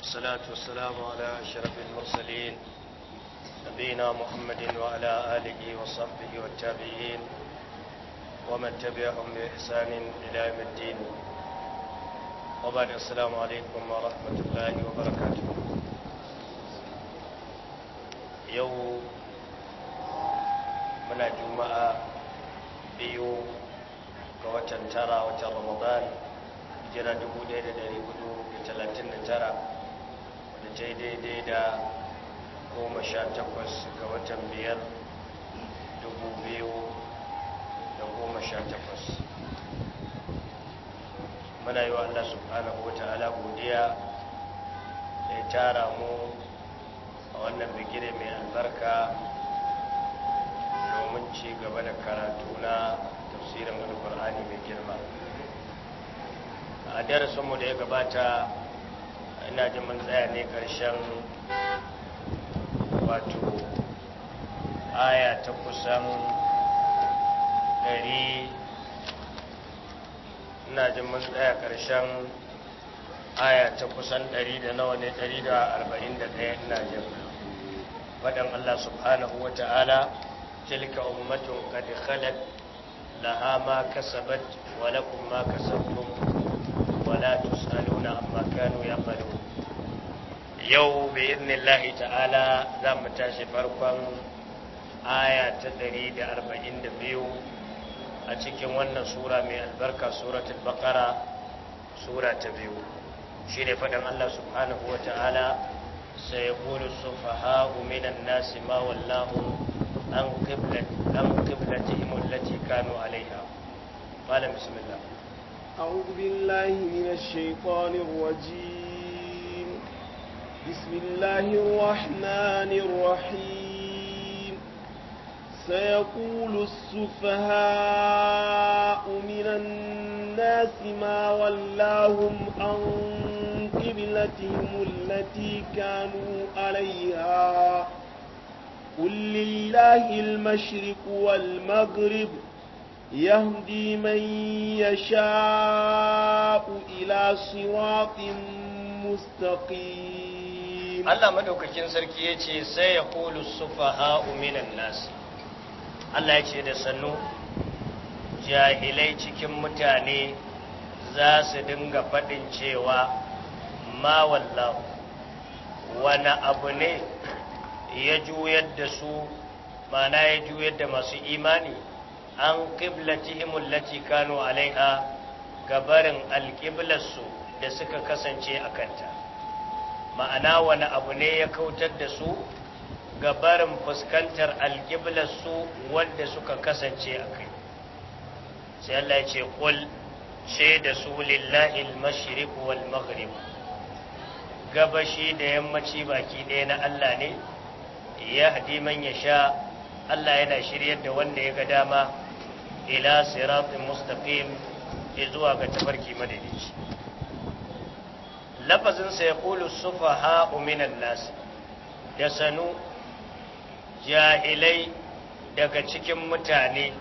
والصلاة والسلام على أشرف المرسلين نبينا محمد وعلى آله وصحبه والتابعين ومن تبعهم بإحسان إلى يوم الدين وبعد السلام عليكم ورحمة الله وبركاته يوم من الجمعة بيو كوتن ترى وترمضان رمضان hijira 1439 da ta yi daidai da goma sha takwas ga watan biyar dubu biyu da goma sha takwas muna yi wa allah subhanahu wa ta'ala godiya da ya tara mu a wannan bigire mai albarka domin ci gaba da karatu na tafsirin alkur'ani mai girma a darasinmu da ya gabata ina ji mun tsaya ne ƙarshen wato aya ta kusan ɗari ina ji mun tsaya ƙarshen aya ta kusan ɗari da nawa ne ɗari da arba'in da ɗaya ina jin faɗin Allah subhanahu wa ta'ala tilka ummatun qad khalat laha ma kasabat wa lakum ma kasabtum wa la tus'aluna amma kanu ya'malun yau bi idnillahi ta'ala za mu tashi farkon aya ta 142 a cikin wannan sura mai albarka suratul baqara sura ta biyu shine fadan Allah subhanahu wa ta'ala sai yaqulu sufaha'u minan nasi ma wallahu an qiblati an qiblatihim allati kanu alaiha qala bismillah a'udhu billahi minash shaitanir rajim بسم الله الرحمن الرحيم سيقول السفهاء من الناس ما ولاهم عن قبلتهم التي كانوا عليها قل لله المشرق والمغرب يهدي من يشاء إلى صراط مستقيم Allah madaukakin sarki ya ce sai ya kulu sufaha minan nasi Allah ya ce da sannu jahilai cikin mutane za su dinga faɗin cewa ma wallahu wani abu ne ya juyar da su mana ya juyar da masu imani an qiblatihim allati Kano alaiha gabarin alƙiblarsu da suka kasance a kanta ma'ana wani abu ne ya kautar da su ga barin fuskantar su wanda suka kasance a kai sai Allah ya ce kul ce da su lillahi al-mashriq wal maghrib gabashi da yammaci baki ɗaya na Allah ne ya hadi man ya sha Allah yana shiryar da wanda ya ga dama ila siratin mustaqim zuwa ga tafarki madadici lafazin sa yaqulu sufaha minan nas da sanu jahilai daga cikin mutane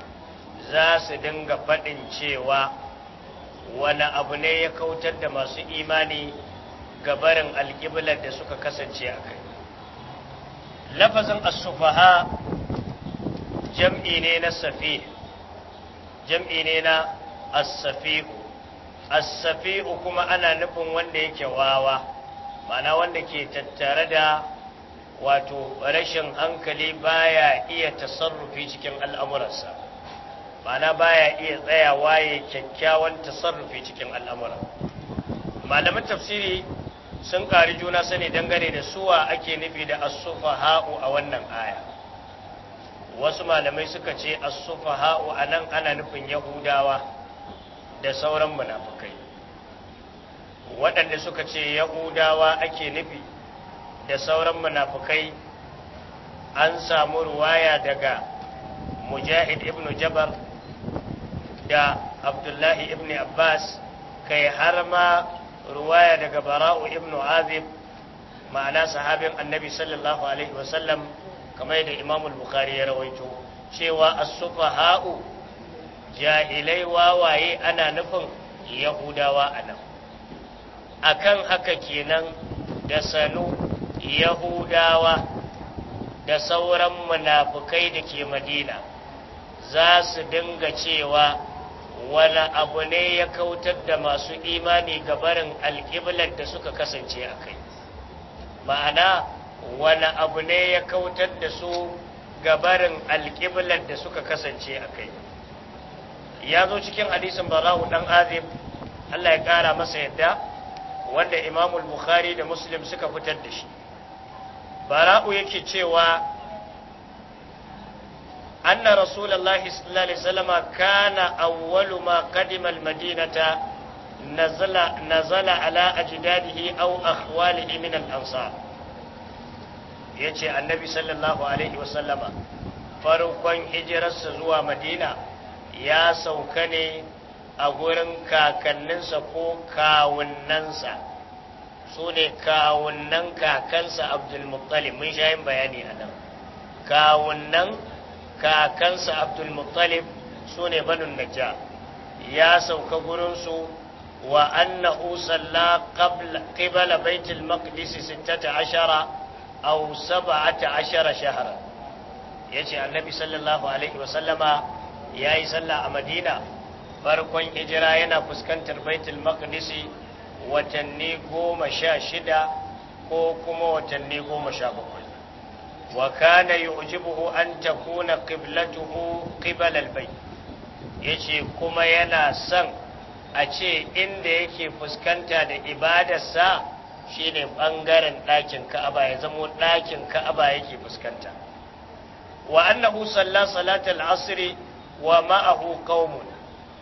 za su dinga faɗin cewa wani abu ne ya kautar da masu imani gabarin alƙiblar da suka kasance a kai lafazin asufaha jam'i ne na safi jam'i ne na asafi'u asafi kuma ana nufin wanda yake wawa ma'ana wanda ke tattare da wato rashin hankali baya iya tasarrufi cikin al'amuransa ma'ana baya iya tsayawa ya kyakkyawan tasarrufi cikin al'amura Malamin tafsiri sun ƙari juna sani dangane da suwa ake nufi da asufa ha'u a wannan aya wasu malamai suka ce asufa ha'u a nan ana nufin yahudawa da sauran munafukai waɗanda suka ce yahudawa ake nufi da sauran munafukai an samu ruwaya daga mujahid ibn jabar da abdullahi ibn abbas kai har ma ruwaya daga bara'u ibn azib ma'ana sahabin annabi sallallahu alaihi wasallam kamar da imamul bukhari ya rawaito cewa as-sufaha'u jahilai wawaye ana nufin yahudawa a nan A kan haka kenan da sanu yahudawa da sauran munafukai da ke madina za su dinga cewa wani abu ne ya kautar da masu imani ga barin alƙiblar da suka kasance a kai ma'ana wani abu ne ya kautar da su ga barin alƙiblar da suka kasance a kai ya zo cikin hadisin bara'u dan azib Allah ya kara masa yadda wanda Imam Bukhari da Muslim suka fitar da shi bara'u yake cewa anna rasulullahi sallallahu alaihi wasallam kana awwalu ma qadima al-madinata nazala nazala ala ajdadihi aw akhwalihi min al-ansar yace annabi sallallahu alaihi wasallama farkon hijirarsa zuwa madina ya sauka ne a gurin kakanninsa ko kawunnansa su ne kawunnan kakansa abdulmuttalib mun sha yin bayani a nan kawunnan kakansa abdulmuttalib su ne banun najja ya sauka gurinsu wa annahu salla qibla baitul maqdis 16 aw 17 shahra yace annabi sallallahu alaihi wa sallama ya yi sallah a madina farkon hijira yana fuskantar baitul maqdisi watanni goma sha shida ko kuma watanni goma sha bakwai wa kana yu'jibuhu an takuna qiblatuhu qibal albayt yace kuma yana son a ce inda yake fuskanta da ibadarsa shine bangaren ɗakin Ka'aba ya zamo ɗakin Ka'aba yake fuskanta wa annahu salla salatal asri wa ma'ahu qaumun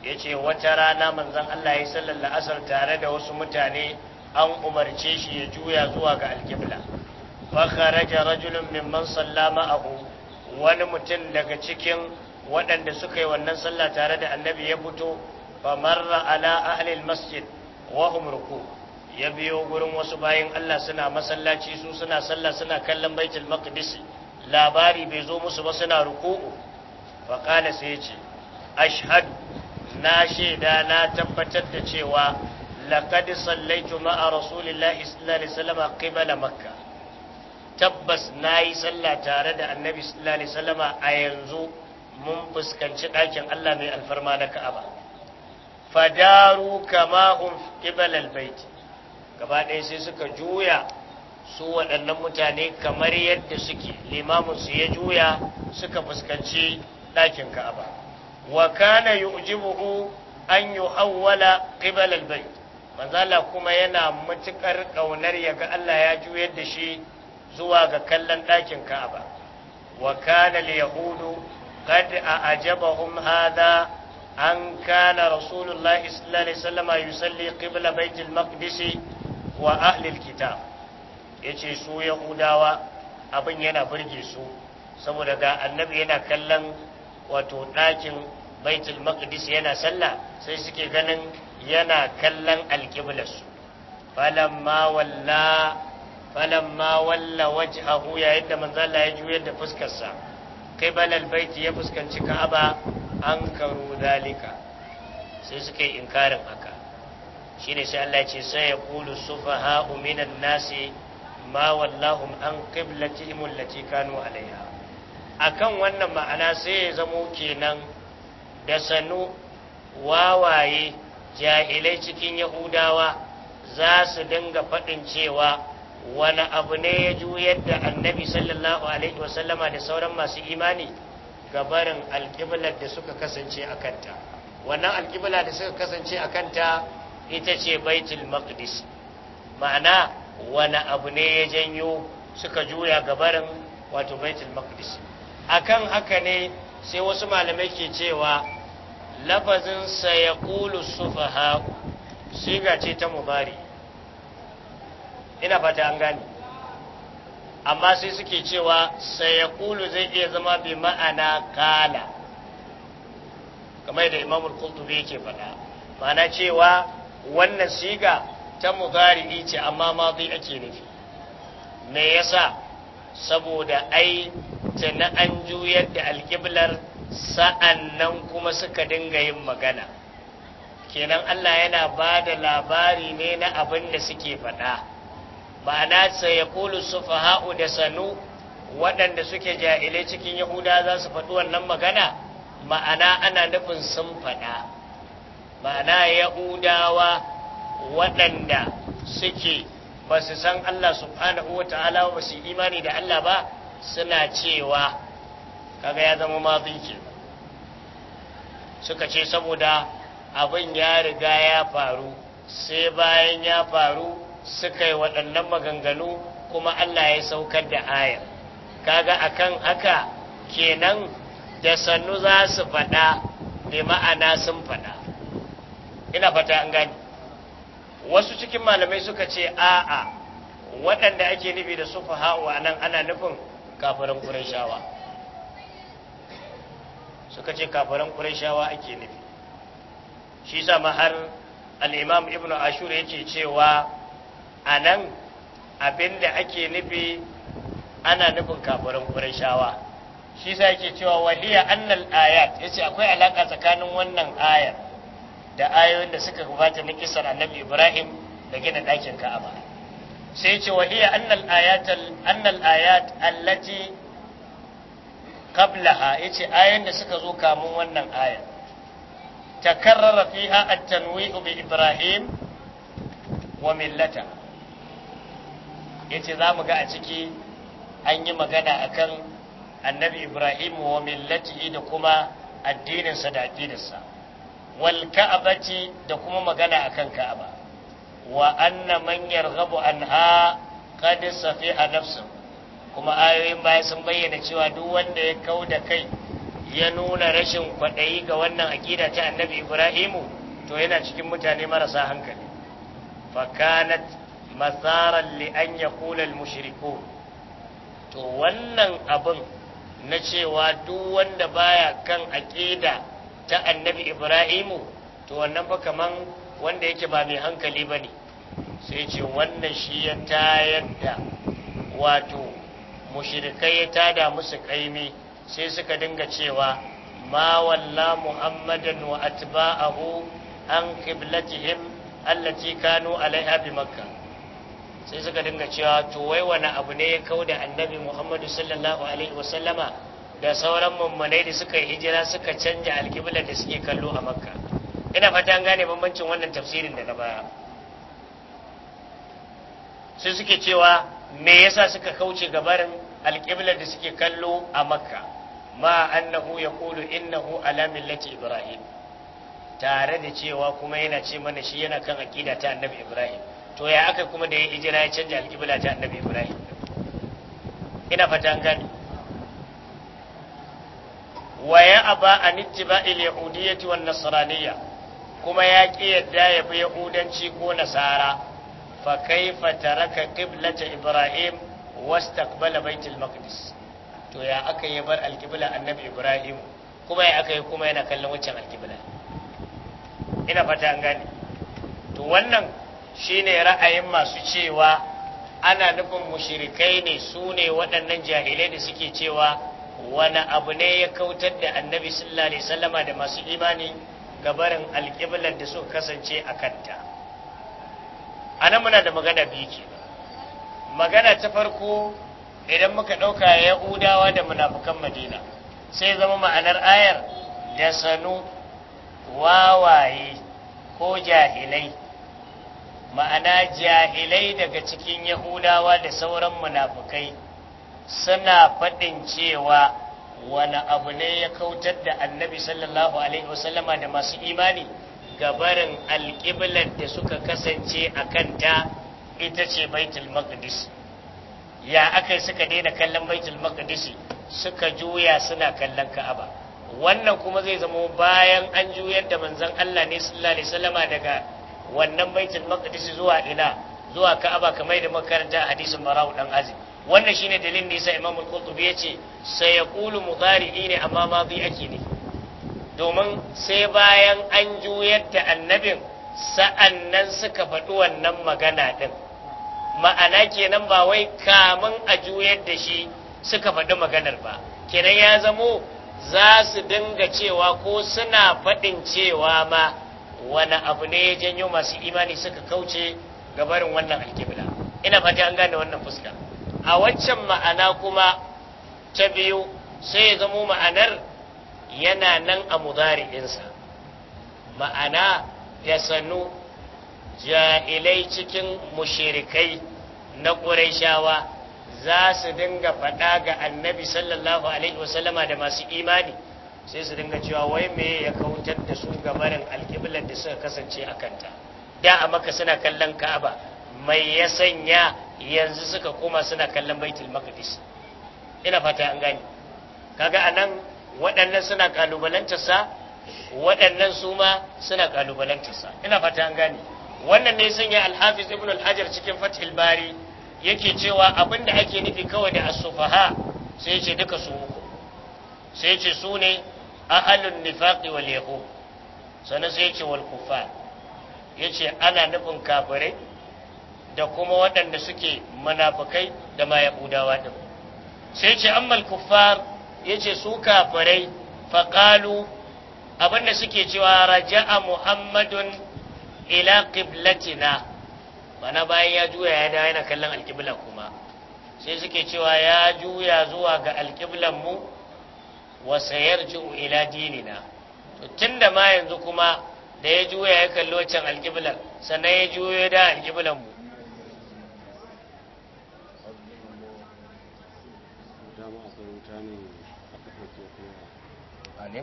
yace wata rana manzon Allah ya sallar asar tare da wasu mutane an umarce shi ya juya zuwa ga alqibla fa kharaja rajulun mimman sallama ma'ahu wani mutum daga cikin waɗanda suka yi wannan sallah tare da annabi ya fito fa marra ala ahli almasjid wa hum ruku ya biyo gurin wasu bayin Allah suna masallaci su suna sallah suna kallon baitul maqdis labari bai zo musu ba suna ruku'u faƙala sai ce ashhadu na shaida na tabbatar da cewa laqad sallaitu ma'a rasulillahi sallallahu alaihi wasallam qibla makka tabbas nayi sallah tare da annabi sallallahu alaihi wasallam a yanzu mun fuskanci ɗakin Allah mai alfarma na Ka'aba fadaru kama hum qibla albayt gaba ɗaya sai suka juya su waɗannan mutane kamar yadda suke limamin su ya juya suka fuskanci ɗakin ka'aba wa kana yu'jibuhu an yuhawwala qibala al-bayt manzala kuma yana matukar kaunar yaga Allah ya juyar da shi zuwa ga kallon ɗakin ka'aba wa kana al-yahudu qad a'jabahum hadha an kana rasulullah sallallahu alaihi wasallam yusalli qibla bayt al-maqdis wa ahli al-kitab yace su yahudawa abin yana burge su saboda ga annabi yana kallon wato ɗakin baitul maqdis yana sallah sai suke ganin yana kallon alƙiblarsu falamma walla wajhahu yayin da Manzala ya juyar da fuskarsa qibala albayti ya fuskanci Ka'aba ankaru dalika sai suka yi inkarin haka shine sai Allah ce sai ya qulu sufaha'u minan nasi ma wallahum an qiblatihim allati kanu alaiha akan wannan ma'ana sai ya zamo kenan da sanu wawaye jahilai cikin yahudawa za su dinga faɗin cewa wani abu ne ya juyar da annabi sallallahu alaihi wasallama da sauran masu imani gabarin alƙiblar da suka kasance a kanta wannan alƙibla da suka kasance a kanta ita ce baitul maqdis ma'ana wani abu ne ya janyo suka juya gabarin wato baitul maqdis akan haka ne sai wasu malamai ke cewa lafazin sayaqulu sufaha siga ce ta mubari ina fata an gane amma sai suke cewa kulu zai iya zama bi ma'ana kala kamar yadda imamul bai yake faɗa mana cewa wannan siga ta mubari ce amma ma ake nufi me yasa saboda ai tana an juyar da alƙiblar sa'an nan kuma suka dinga yin magana kenan Allah yana ba da labari ne na abin da suke faɗa ma'ana sai ya kulu su faha'u da sanu waɗanda suke jahilai cikin yahuda za su faɗi wannan magana ma'ana ana nufin sun faɗa ma'ana yahudawa waɗanda suke ba su san Allah subhanahu wa ta'ala ba su imani da Allah ba suna cewa kaga ya zama mazi ke suka ce saboda abin ya riga ya faru sai bayan ya faru suka yi waɗannan maganganu kuma Allah ya saukar da ayar kaga akan haka kenan da sannu za su faɗa da ma'ana sun faɗa ina fata an gani wasu cikin malamai suka ce a'a waɗanda ake nufi da sufa ha'uwa nan ana nufin kafiran ƙurashawa suka ce kafiran ƙurashawa ake nufi shi sama har al'imam ibn ashur yake cewa a nan abinda ake nufi ana nufin kafiran ƙurashawa shi sa yake cewa waliya annal ayat ya ce akwai alaƙa tsakanin wannan ayat. da ayoyin da suka gabata na kisan annabi ibrahim da gina ɗakin ka'aba sai ce wa hiya annal ayat annal ayat allati qablaha yace ayoyin da suka zo kamun wannan ayat takarrara fiha at-tanwi'u bi ibrahim wa millata yace zamu ga a ciki an yi magana akan annabi ibrahim wa millatihi da kuma addininsa da aqidarsa wal ka'bati da kuma magana akan ka'aba wa anna man yarghabu anha qad safiha nafsu kuma ayoyin baya sun bayyana cewa duk wanda ya kau da kai ya nuna rashin kwaɗayi ga wannan aƙida ta annabi ibrahimu to yana cikin mutane marasa hankali fakanat masaran li an ya kulal mushriku to wannan abin na cewa duk wanda baya kan aƙida ta annabi ibrahimu to wannan ba kaman wanda yake ba mai hankali ba ne sai ce wannan shi ya tayar da wato mushirikai ya tada musu kaimi sai suka dinga cewa ma walla muhammadan wa atba'ahu an qiblatihim allati kanu alaiha bi makka sai suka dinga cewa to wai wani abu ne ya kauda annabi muhammadu sallallahu alaihi wasallama da sauran mummunai da suka yi hijira suka canja alkiblar da suke kallo a makka ina fata an gane bambancin wannan tafsirin da na baya sai suke cewa me yasa suka kauce gabarin alkiblar da suke kallo a makka ma annahu yaqulu innahu ala millati ibrahim tare da cewa kuma yana ce mana shi yana kan aqida ta annabi ibrahim to ya aka kuma da ya hijira ya canja alkibla ta annabi ibrahim ina fata an gane wa ya aba an ittiba'il yahudiyyati wan nasraniyya kuma ya ki yadda ya bi yahudanci ko nasara fa kaifa taraka qiblata ibrahim wastaqbala al maqdis to ya aka yi bar alqibla annabi ibrahim kuma ya aka yi kuma yana kallon wancan alqibla ina fata an gane to wannan shine ra'ayin masu cewa ana nufin mushrikai ne su ne waɗannan jahilai da suke cewa wani abu ne ya kautar da annabi sallallahu alaihi sallama da masu imani gabarin alƙiblar da suka kasance a kanta a nan muna da magana biyu ke magana ta farko idan muka ɗauka udawa da munafukan madina sai zama ma'anar ayar da sanu wawaye ko jahilai ma'ana jahilai daga cikin yahudawa da sauran munafukai suna faɗin cewa wani abu ne ya kautar da annabi sallallahu alaihi wasallama da masu imani gabarin alƙiblar da suka kasance a kanta ita ce baitul maqdis ya aka suka daina kallon baitul maqdis suka juya suna kallon ka'aba wannan kuma zai zama bayan an juyar da manzon Allah ne sallallahu alaihi wasallama daga wannan baitul maqdis zuwa ina zuwa ka'aba kamar da makaranta hadisin barau ɗan azib wannan shine dalilin da yasa Imam Al-Qurtubi yace sayaqulu mudari ne amma madi ake ne domin sai bayan an juyar da annabin sa'annan suka faɗi wannan magana din ma'ana kenan ba wai kamun a juyar da shi suka faɗi maganar ba kenan ya zamo za su dinga cewa ko suna faɗin cewa ma wani abu ne ya janyo masu imani suka kauce gabarin wannan alkibla ina fata an gane wannan fuska a waccan ma'ana kuma ta biyu sai ya zamo ma'anar yana nan a muzari'insa ma'ana ya sanu jahilai cikin mushirikai na ƙuraishawa za su dinga faɗa ga annabi sallallahu alaihi wasallama da masu imani sai su dinga cewa wai me ya kautar da su gabarin alƙiblar da suka kasance a kanta da a maka suna kallon ka'aba mai ya sanya yanzu suka koma suna kallon baitul maqdis ina fata an gane kaga anan waɗannan suna kalubalantar sa waɗannan su ma suna kalubalantar sa ina fata an gane wannan ne sanya al-hafiz ibn al-hajar cikin fathul bari yake cewa abinda ake nufi kawai da as-sufaha sai ya ce duka su uku sai ya ce su ne ahlun nifaqi wal yahud sannan sai ya ce wal kufar yace ana nufin kafirai da kuma waɗanda suke munafukai da ma yahudawa din sai ce ammal kuffar yace su kafirai faqalu abinda suke cewa raja'a muhammadun ila qiblatina bana bayan ya juya ya dawo yana kallon alƙibla kuma sai suke cewa ya juya zuwa ga alƙiblan mu wa ju'u ila dinina to tunda ma yanzu kuma da ya juya ya kalli wancan alƙiblan sannan ya juyo da alƙiblan mu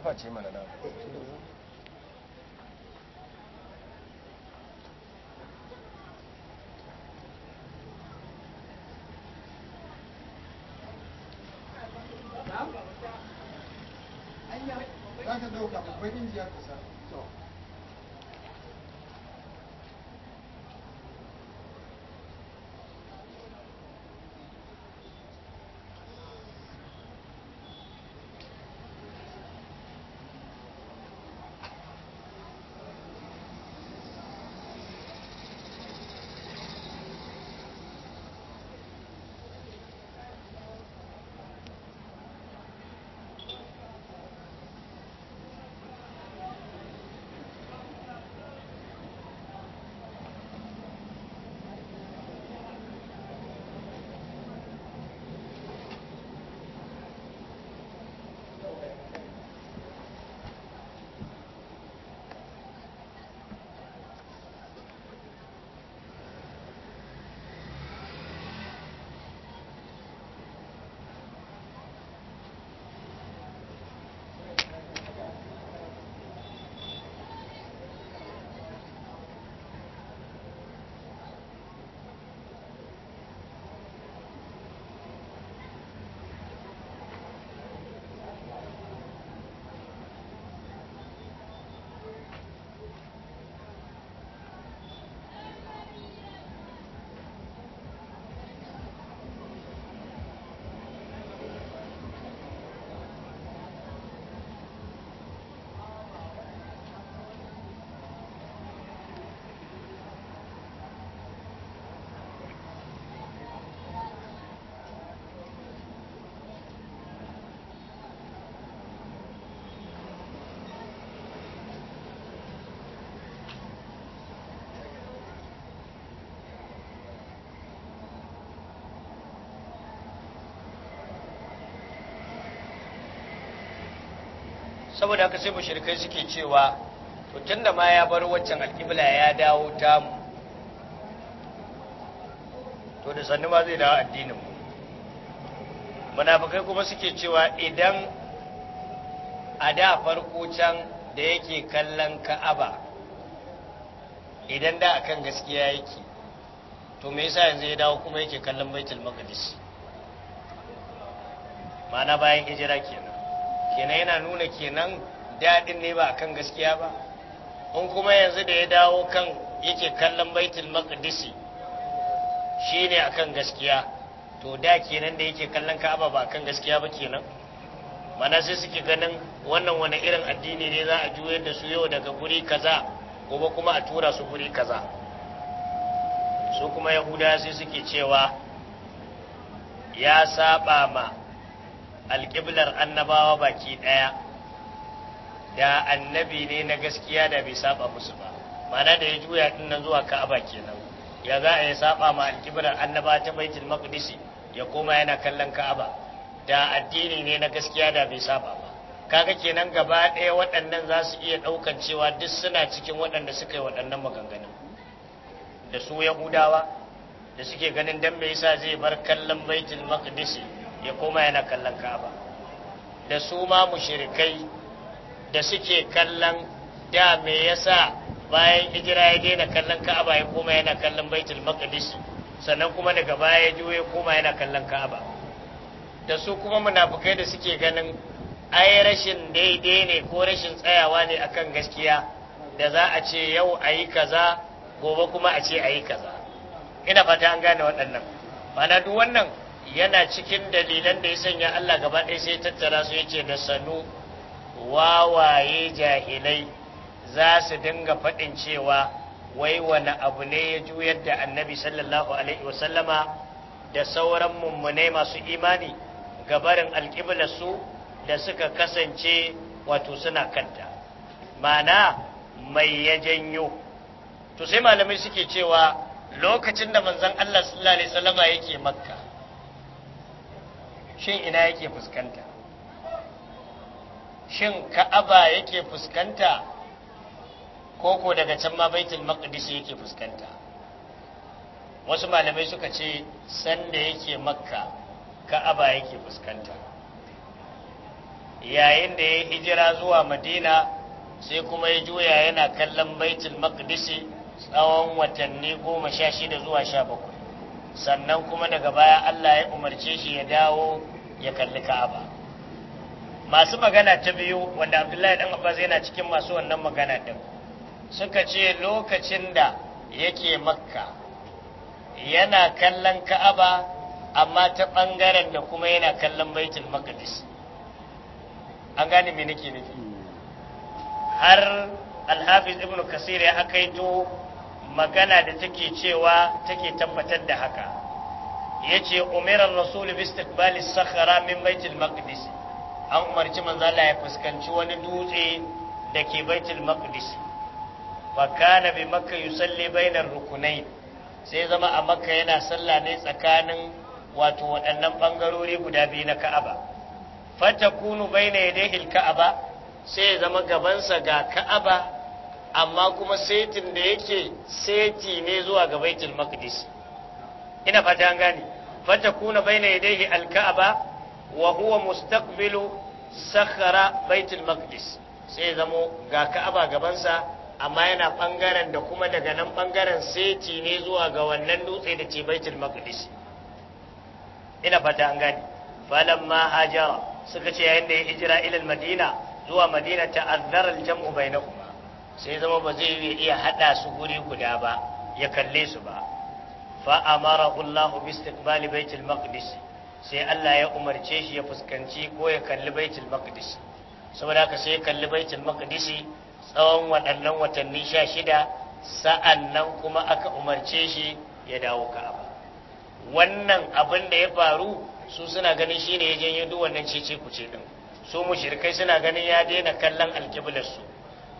快挤的呢？saboda haka sai mushrikai suke cewa to tunda ma ya bar waccan alƙibla ya dawo tamu to da sannu ma zai dawo addinin mu munafikai kuma suke cewa idan a da farko can da yake kallon ka'aba idan da akan gaskiya yake to me yasa yanzu ya dawo kuma yake kallon baitul maqdis ma'ana bayan hijira kenan kenan yana nuna kenan daɗin ne ba akan gaskiya ba in kuma yanzu da ya dawo kan yake kallon baitul maqdisi shine akan gaskiya to da kenan da yake kallon ka'aba ba akan gaskiya ba kenan mana sai suke ganin wannan wani irin addini ne za a juyar da su yau daga guri kaza gobe kuma a tura su guri kaza su kuma yahuda sai suke cewa ya saba ma alƙiblar annabawa baki ɗaya da annabi ne na gaskiya da bai saba musu ba mana da ya juya din nan zuwa ka'aba kenan ya za a yi saba ma alƙiblar annaba ta baitul maqdis ya koma yana kallon ka'aba da addini ne na gaskiya da bai saba ba kaga kenan gaba ɗaya waɗannan za su iya ɗaukan cewa duk suna cikin waɗanda suka yi waɗannan maganganun da su yahudawa da suke ganin dan me yasa zai bar kallon baitul maqdis ya koma yana kallon ka'aba da su ma mushirikai da suke kallon da me yasa bayan hijira ya daina kallon ka'aba ya koma yana kallon baitul maqdis sannan kuma daga baya ya juyo ya koma yana kallon ka'aba da su kuma munafukai da suke ganin ai rashin daidai ne ko rashin tsayawa ne akan gaskiya da za a ce yau a yi kaza gobe kuma a ce a yi kaza ina fata an gane waɗannan mana duk wannan yana cikin dalilan da ya sanya Allah gaba ɗaya sai tattara su yace da sanu wawaye jahilai za su dinga faɗin cewa wai wani abu ne ya juyar da annabi sallallahu alaihi wasallama da sauran mummunai masu imani gabarin su da suka kasance wato suna kanta mana mai ya janyo to sai malamai suke cewa lokacin da manzon Allah sallallahu alaihi wasallama yake makka shin ina yake fuskanta shin ka'aba yake fuskanta ko ko daga can ma baitul maqdis yake fuskanta wasu malamai suka ce sanda yake makka ka'aba yake fuskanta yayin da ya hijira zuwa madina sai kuma ya juya yana kallon baitul Maqdis, tsawon watanni goma sha shida zuwa sha bakwai sannan kuma daga baya allah ya umarce shi ya dawo ya kalli ka'aba masu magana ta biyu wanda abdullahi dan abbas yana cikin masu wannan magana din suka ce lokacin da yake makka yana kallon ka'aba amma ta ɓangaren da kuma yana kallon baitul maqdis an gane me nake nufi har alhafiz ibnu kasir ya akaito magana da take cewa take tabbatar da haka yace umirar rasul bi istiqbali sakhara min baitul maqdis an umarci manzo Allah ya fuskanci wani dutse dake baitul maqdis wa kana bi makka yusalli bayna rukunai sai zama a makka yana sallah ne tsakanin wato waɗannan bangarori guda biyu na ka'aba fatakunu baina yadayhi al-ka'aba sai zama gabansa ga ka'aba amma kuma setin da yake seti ne zuwa ga baitul maqdis ina fata an gane fatakuna bayna yadayhi alka'aba wa huwa Sakara sakhara baitul maqdis sai zamo ga ka'aba gabansa amma yana bangaren da kuma daga nan bangaren sai ne zuwa ga wannan dutse da ce baitul maqdis ina fata an gani falamma hajara suka ce yayin da ya hijira ila madina zuwa madina ta'azzara al-jam'u bainahuma sai zama ba zai iya haɗa su guri guda ba ya kalle su ba فأمره الله باستقبال بيت المقدس sai Allah ya umarce shi ya fuskanci ko ya kalli baitul maqdis saboda haka sai ya kalli baitul maqdis tsawon waɗannan watanni sha shida sa'an nan kuma aka umarce shi ya dawo ka'aba wannan abin da ya faru su suna ganin shine ya janyo duk wannan cece kuce din su mushrikai suna ganin ya daina kallon alƙiblar su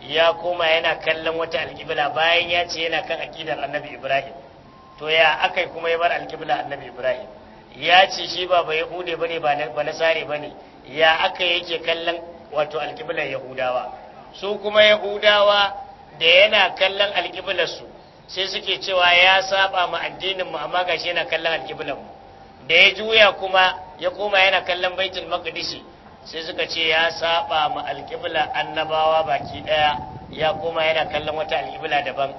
ya koma yana kallon wata alƙibla bayan ya ce yana kan aƙidar annabi ibrahim to ya yi kuma ya bar alkibla annabi ibrahim ya ce shi ba ba yahude bane ba nasare bane ya aka yake kallon wato alkiblar yahudawa su kuma yahudawa da yana kallon alkiblar su sai suke cewa ya saba ma addinin mu amma gashi yana kallon alkiblar mu da ya juya kuma ya koma yana kallon baitul maqdisi sai suka ce ya saba ma alkiblar annabawa baki daya ya koma yana kallon wata alkibla daban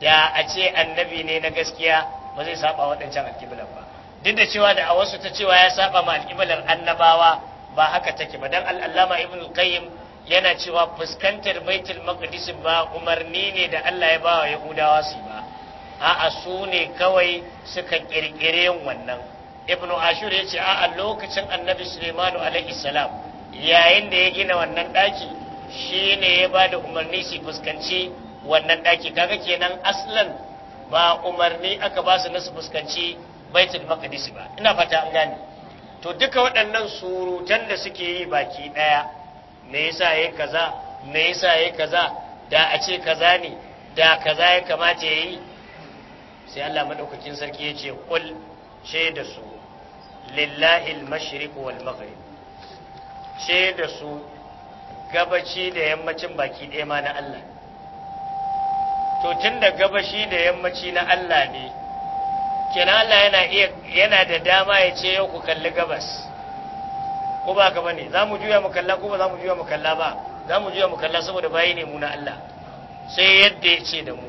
da a ce annabi ne na gaskiya ba zai saba waɗancan alƙiblar ba duk da cewa da a wasu ta cewa ya saba ma alƙiblar annabawa ba haka take ba dan al'allama ibn qayyim yana cewa fuskantar baitul maqdis ba umarni ne da Allah ya bawa yahudawa su ba a'a su ne kawai suka kirkire wannan ibn ashur ya ce a'a lokacin annabi sulaiman alaihi salam yayin da ya gina wannan daki shine ya ba da umarni su fuskanci wannan ɗaki kaga kenan aslan ba umarni aka ba su na su fuskanci baitul maqdis ba ina fata an gane to duka waɗannan surutan da suke yi baki ɗaya me yasa yayi kaza me yasa yayi kaza da a ce kaza ne da kaza ya kamata yayi sai Allah madaukakin sarki ya ce qul da su lillahi al-mashriq wal maghrib da su gabaci da yammacin baki ɗaya ma na Allah to tun da gabashi da yammaci na Allah ne kenan Allah yana iya yana da dama ya ce yau ku kalli gabas ko ba gaba ne za mu juya mu kalla ko ba za mu juya mu kalla ba za mu juya mu kalla saboda bayi ne mu na Allah sai yadda ya ce da mu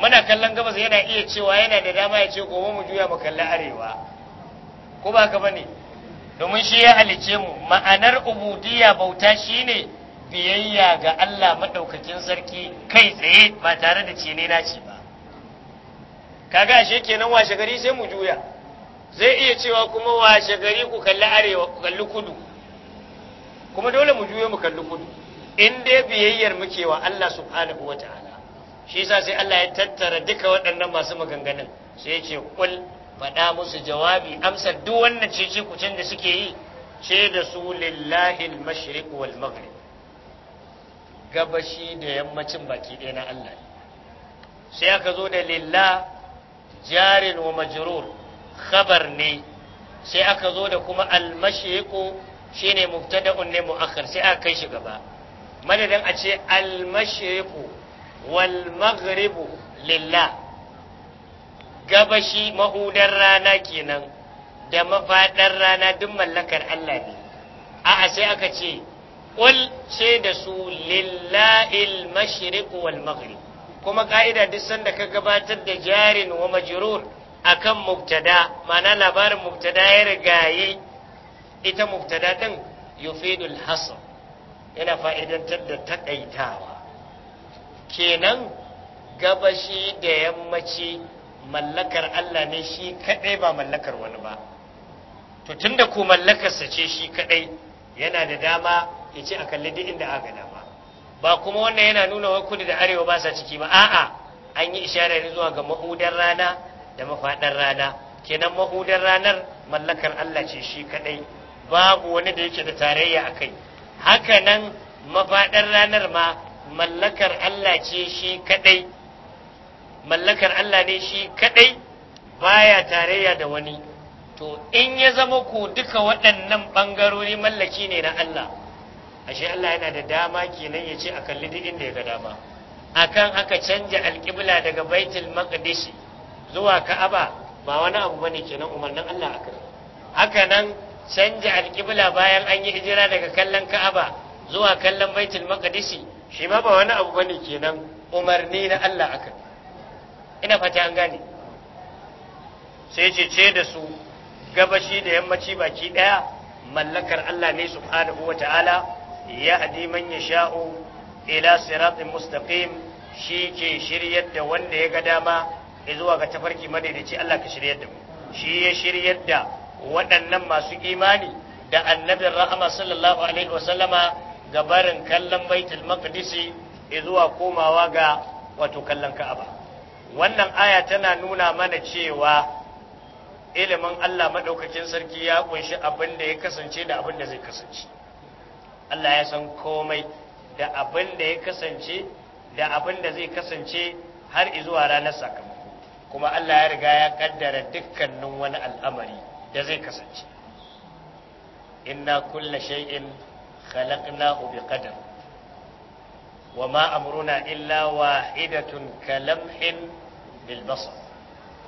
muna kallon gabas yana iya cewa yana da dama ya ce gobe mu juya mu kalla arewa ko ba gaba ne domin shi ya halice mu ma'anar ubudiyya bauta shine biyayya ga Allah maɗaukakin sarki kai tsaye ba tare da cene na ce ba kaga ashe kenan washe gari sai mu juya zai iya cewa kuma washe gari ku kalli arewa ku kalli kudu kuma dole mu juya mu kalli kudu in dai biyayyar muke wa Allah subhanahu wa ta'ala shi yasa sai Allah ya tattara duka waɗannan masu maganganun sai ya ce kul faɗa musu jawabi amsar duk wannan cece kucin da suke yi ce da su lillahi al-mashriq wal maghrib gabashi da yammacin baki ɗaya na Allah sai aka zo da Lilla jarin wa majrur khabar ne sai aka zo da kuma almashiku shine mubtada'un ne mu'akhkhar sai aka kai shi gaba madadin a ce almashiku wal maghribu Lilla gabashi mahudar rana kenan da mafadar rana duk mallakar Allah ne a'a sai aka ce ƙul da su lillahil mashriq wal maghrib kuma ka'ida duk sanda ka gabatar da jarin wa majrur akan mubtada ma'ana labarin mubtada ya rigaye ita mubtada din Yofedul hasr yana fa'idantar da takaitawa kenan gabashi da yammaci mallakar Allah ne shi kadai ba mallakar wani ba to tunda ku mallakarsa ce shi kadai yana da dama ya ce a kalli duk inda aka gada ba kuma wannan yana nuna wai kudu da arewa ba sa ciki ba a'a an yi ishara ne zuwa ga mahudar rana da mafadar rana kenan mahudar ranar mallakar Allah ce shi kadai babu wani da yake da tarayya a kai haka nan mafadar ranar ma mallakar Allah ce shi kadai mallakar Allah ne shi kadai baya tarayya da wani to in ya zama ku duka waɗannan ɓangarori mallaki ne na Allah ashe Allah yana da dama kenan ya ce a kalli duk inda ya ga dama akan aka canja alƙibla daga baitul maqdis zuwa ka'aba ba wani abu bane kenan umarnin Allah akan haka nan canja alƙibla bayan an yi hijira daga kallon ka'aba zuwa kallon baitul maqdis shi ma ba wani abu bane kenan umarni na Allah akan ina fata an gane sai ce ce da su gabashi da yammaci baki daya mallakar Allah ne subhanahu ta'ala. يهدي من yasha'u ila صراط مستقيم shi ke shiryar da wanda ya ga dama zuwa ga tafarki madaidaici Allah ka shiryar da mu shi ya shiryar da waɗannan masu imani da annabin rahama sallallahu alaihi wasallama gabarin kallon baitul maqdisi zuwa komawa ga wato kallon ka'aba wannan aya tana nuna mana cewa ilimin Allah madaukakin sarki ya kunshi abin ya kasance da abinda zai kasance Allah ya san komai da abin da ya kasance da abin da zai kasance har zuwa ranar sakamako kuma Allah ya riga ya kaddara dukkanin wani al'amari da zai kasance inna kulla shay'in khalaqnahu biqadar ma amruna illa wahidatun kalamhin bil basar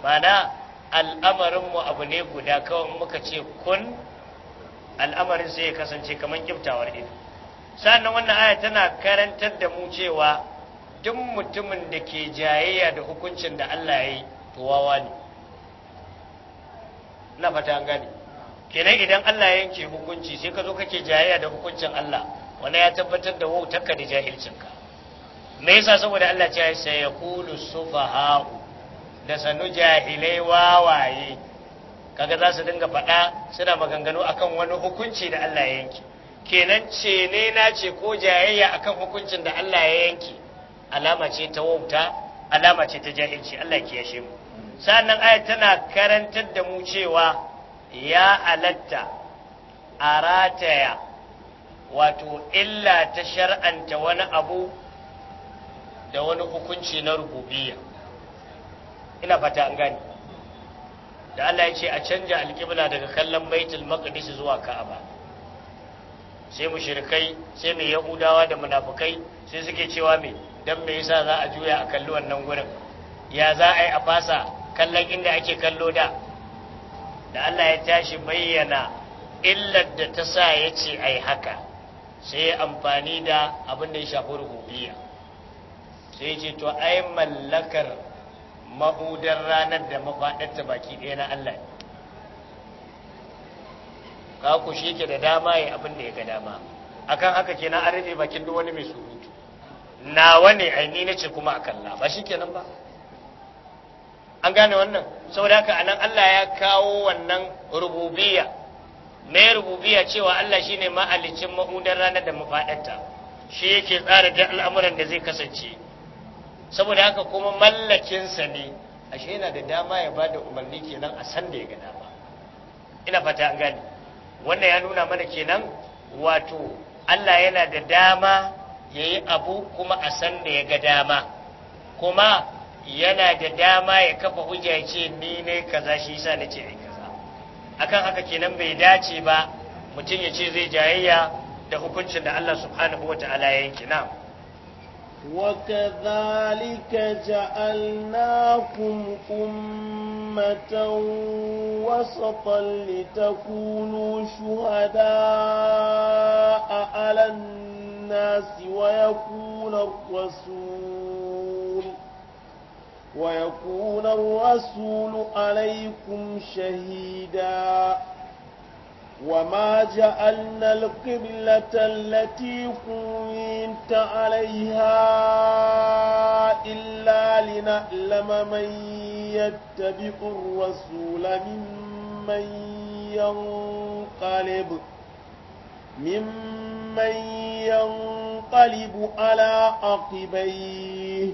mana al'amarinmu abu ne guda kawai muka ce kun al'amarin sai ya kasance kamar kiftawar ido Sa'an wannan aya tana karantar da mu cewa duk mutumin da ke jayayya da hukuncin da Allah ya yi to wawa ne na fata an gane kenan idan Allah ya yanke hukunci sai ka zo kake jayayya da hukuncin Allah wani ya tabbatar da wautarka da jahilcinka me yasa saboda Allah ya ce sai yaqulu sufaha da sanu jahilai wawaye kaga za su dinga faɗa suna maganganu akan wani hukunci da Allah ya yanke kenan ce ne na ce ko jayayya akan hukuncin da Allah ya yanke alama ce ta wauta alama ce ta jahilci Allah ke yashe mu sannan aya tana karantar da mu cewa ya alatta a rataya wato illa ta shar'anta wani abu da wani hukunci na rububiyya ina fata an gani da Allah ya ce a canja alƙibla daga kallon baitul maqdis zuwa ka'aba sai mushrikai sai mai yahudawa da munafukai sai suke cewa me dan me yasa za a juya a kalli wannan gurin ya za a yi a fasa kallon inda ake kallo da da Allah ya tashi bayyana illar da ta sa ya ce ai haka sai ya amfani da abin da ya shafi rububiyya sai ya ce to ai mallakar ma'udar ranar da mafaɗarta baki ɗaya na Allah ne ka ku shi ke da dama ya abin da ya ga dama akan haka ke an rufe bakin duk wani mai surutu nawa ne aini na ce kuma a kalla ba shi kenan ba an gane wannan saboda haka anan Allah ya kawo wannan rububiya. mai rububiya cewa Allah shine ma'alicin ma'udar ranar da mafaɗarta shi yake tsara da al'amuran da zai kasance saboda haka kuma mallakinsa ne ashe yana da dama ya ba da umarni kenan a san da ya ga dama ina fata an gani. wannan ya nuna mana kenan wato Allah yana da dama ya yi abu kuma a san da ya ga dama kuma yana da dama ya kafa hujja ya ce ni ne kaza shi yasa na ce kaza akan haka kenan bai dace ba mutum ya ce zai jayayya da hukuncin da Allah subhanahu wa ta'ala ya yanki na'am وكذلك جعلناكم أمة وسطا لتكونوا شهداء على الناس ويكون الرسول ويكون الرسول عليكم شهيداً وما جعلنا القبلة التي كنت عليها إلا لنعلم من يتبع الرسول ممن ينقلب ممن ينقلب على عقبيه